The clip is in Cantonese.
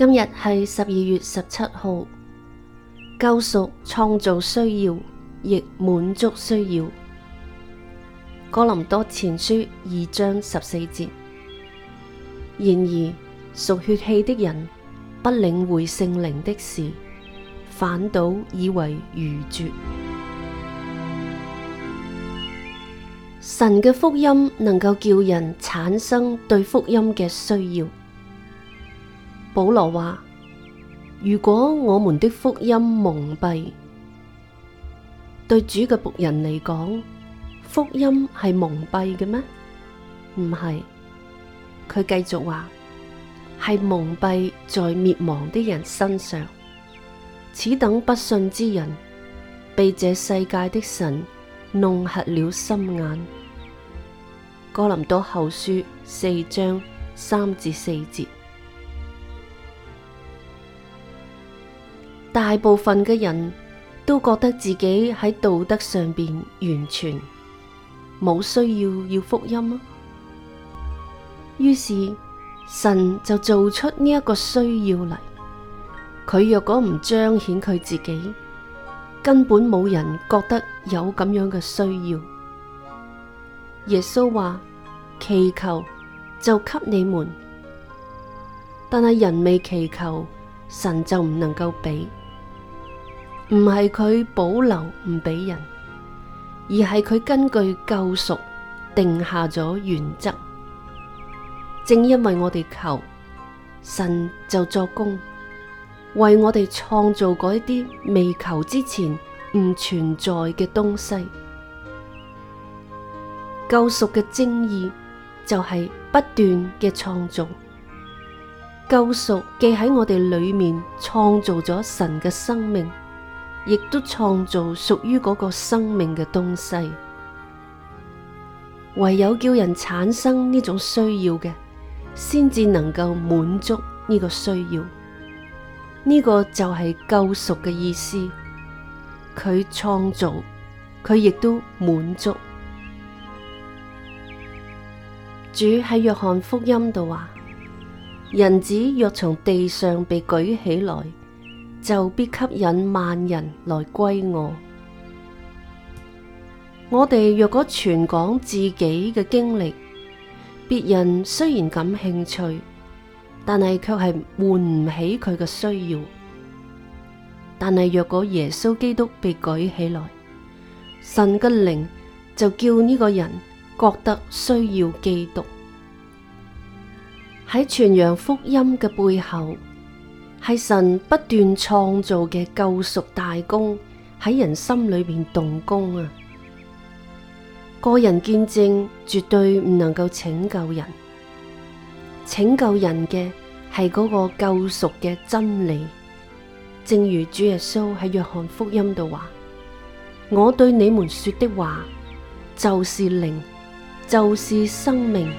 今日係十二月十七號，救贖創造需要，亦滿足需要。哥林多前書二章十四節。然而屬血氣的人不領會聖靈的事，反倒以為愚拙。神嘅福音能夠叫人產生對福音嘅需要。保羅話：如果我們的福音蒙蔽，對主嘅僕人嚟講，福音係蒙蔽嘅咩？唔係，佢繼續話：係蒙蔽在滅亡的人身上。此等不信之人，被這世界的神弄瞎了心眼。哥林多後書四章三至四節。大部分嘅人都覺得自己喺道德上邊完全冇需要要福音啊。於是神就做出呢一個需要嚟。佢若果唔彰顯佢自己，根本冇人覺得有咁樣嘅需要。耶穌話：祈求就給你們，但係人未祈求，神就唔能夠俾。唔係佢保留唔俾人，而係佢根據救贖定下咗原則。正因為我哋求神，就作工，為我哋創造嗰啲未求之前唔存在嘅東西。救贖嘅精義就係不斷嘅創造，救贖既喺我哋裏面創造咗神嘅生命。亦都創造屬於嗰個生命嘅東西，唯有叫人產生呢種需要嘅，先至能夠滿足呢個需要。呢個就係救贖嘅意思。佢創造，佢亦都滿足。主喺約翰福音度話：人子若從地上被舉起來。就必吸引萬人來歸我。我哋若果全講自己嘅經歷，別人雖然感興趣，但係卻係喚唔起佢嘅需要。但係若果耶穌基督被舉起來，神嘅靈就叫呢個人覺得需要基督。喺傳揚福音嘅背後。係神不斷創造嘅救贖大功喺人心裏邊動工啊！個人見證絕對唔能夠拯救人，拯救人嘅係嗰個救贖嘅真理。正如主耶穌喺約翰福音度話：我對你們說的話，就是靈，就是生命。